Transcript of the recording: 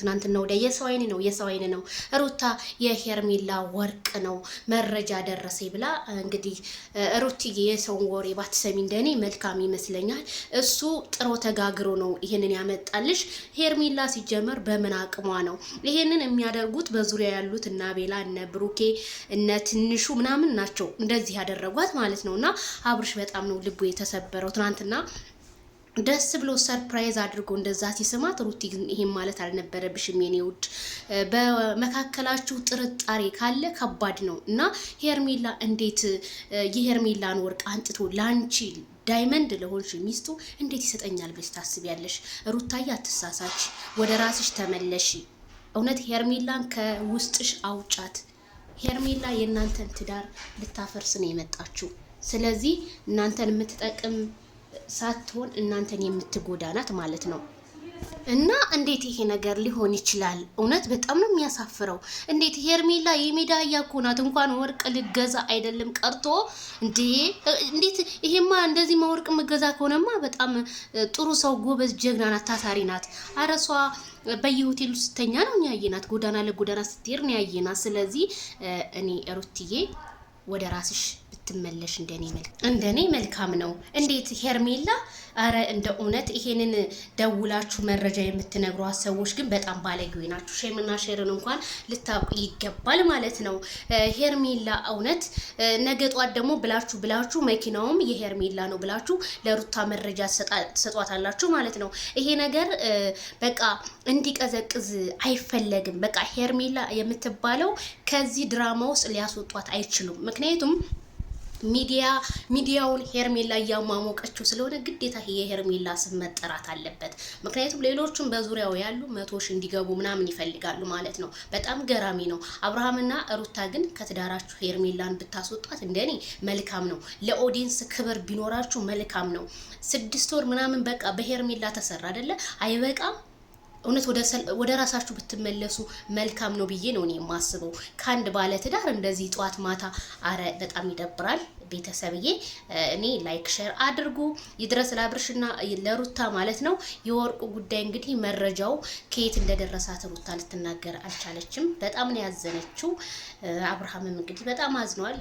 ትናንትና ወዲያ የሰው አይን ነው የሰው አይን ነው። ሩታ የሄርሜላ ወርቅ ነው መረጃ ደረሰ ብላ እንግዲህ ሩትዬ የሰውን ወሬ ባትሰሚ እንደኔ መልካም ይመስለኛል። እሱ ጥሮ ተጋግሮ ነው ይሄንን ያመጣልሽ። ሄርሜላ ሲጀመር በምን አቅሟ ነው ይሄንን የሚያደርጉት? በዙሪያ ያሉት እነ አቤላ፣ እነ ብሩኬ፣ እነ ትንሹ ምናምን ናቸው እንደዚህ ያደረጓት ማለት ነው። እና አብርሽ በጣም ነው ልቡ የተሰበረው ትናንትና ደስ ብሎ ሰርፕራይዝ አድርጎ እንደዛ ሲስማት ሩቲ ይሄን ማለት አልነበረብሽም የኔ ውድ፣ በመካከላችሁ ጥርጣሬ ካለ ከባድ ነው እና ሄርሜላ እንዴት የሄርሜላን ወርቅ አንጥቶ ላንቺ ዳይመንድ ለሆንሽ ሚስቱ እንዴት ይሰጠኛል ብለሽ ታስቢያለሽ? ሩታዬ አትሳሳች፣ ወደ ራስሽ ተመለሺ። እውነት ሄርሜላን ከውስጥሽ አውጫት። ሄርሜላ የእናንተን ትዳር ልታፈርስ ነው የመጣችው። ስለዚህ እናንተን የምትጠቅም ሳትሆን እናንተን የምትጎዳ ናት ማለት ነው። እና እንዴት ይሄ ነገር ሊሆን ይችላል? እውነት በጣም ነው የሚያሳፍረው። እንዴት ሄርሜላ የሜዳ አህያ እኮ ናት። እንኳን ወርቅ ልገዛ አይደለም ቀርቶ እንዴ! እንዴት ይሄማ እንደዚህ ወርቅ መገዛ ከሆነማ በጣም ጥሩ ሰው፣ ጎበዝ፣ ጀግና ናት፣ ታታሪ ናት። አረሷ በየሆቴሉ ስተኛ ነው ያየናት፣ ጎዳና ለጎዳና ስትሄድ ነው ያየናት። ስለዚህ እኔ ሩትዬ ወደ ራስሽ ብትመለሽ እንደኔ መልክ እንደኔ መልካም ነው። እንዴት ሄርሜላ? አረ እንደ እውነት ይሄንን ደውላችሁ መረጃ የምትነግሯት ሰዎች ግን በጣም ባለጌ ናችሁ። ሼምና ሼርን እንኳን ልታውቁ ይገባል ማለት ነው። ሄርሜላ እውነት ነገ ጧት ደግሞ ብላችሁ ብላችሁ መኪናውም የሄርሜላ ነው ብላችሁ ለሩታ መረጃ ትሰጧታላችሁ ማለት ነው። ይሄ ነገር በቃ እንዲቀዘቅዝ አይፈለግም። በቃ ሄርሜላ የምትባለው ከዚህ ድራማ ውስጥ ሊያስወጧት አይችሉም። ምክንያቱም ሚዲያ ሚዲያውን ሄርሜላ እያሟሞቀችው ስለሆነ ግዴታ የሄርሜላ ስም መጠራት አለበት። ምክንያቱም ሌሎቹም በዙሪያው ያሉ መቶሽ እንዲገቡ ምናምን ይፈልጋሉ ማለት ነው። በጣም ገራሚ ነው። አብርሃምና ሩታ ግን ከትዳራችሁ ሄርሜላን ብታስወጣት እንደኔ መልካም ነው። ለኦዲንስ ክብር ቢኖራችሁ መልካም ነው። ስድስት ወር ምናምን በቃ በሄርሜላ ተሰራ አይደለ? አይበቃም እውነት ወደ ራሳችሁ ብትመለሱ መልካም ነው ብዬ ነው እኔ የማስበው። ከአንድ ባለ ትዳር እንደዚህ ጠዋት ማታ አረ በጣም ይደብራል። ቤተሰብዬ እኔ ላይክ ሼር አድርጉ። ይድረስ ላብርሽና ለሩታ ማለት ነው። የወርቁ ጉዳይ እንግዲህ መረጃው ከየት እንደደረሳት ሩታ ልትናገር አልቻለችም። በጣም ነው ያዘነችው። አብርሃምም እንግዲህ በጣም አዝኗል።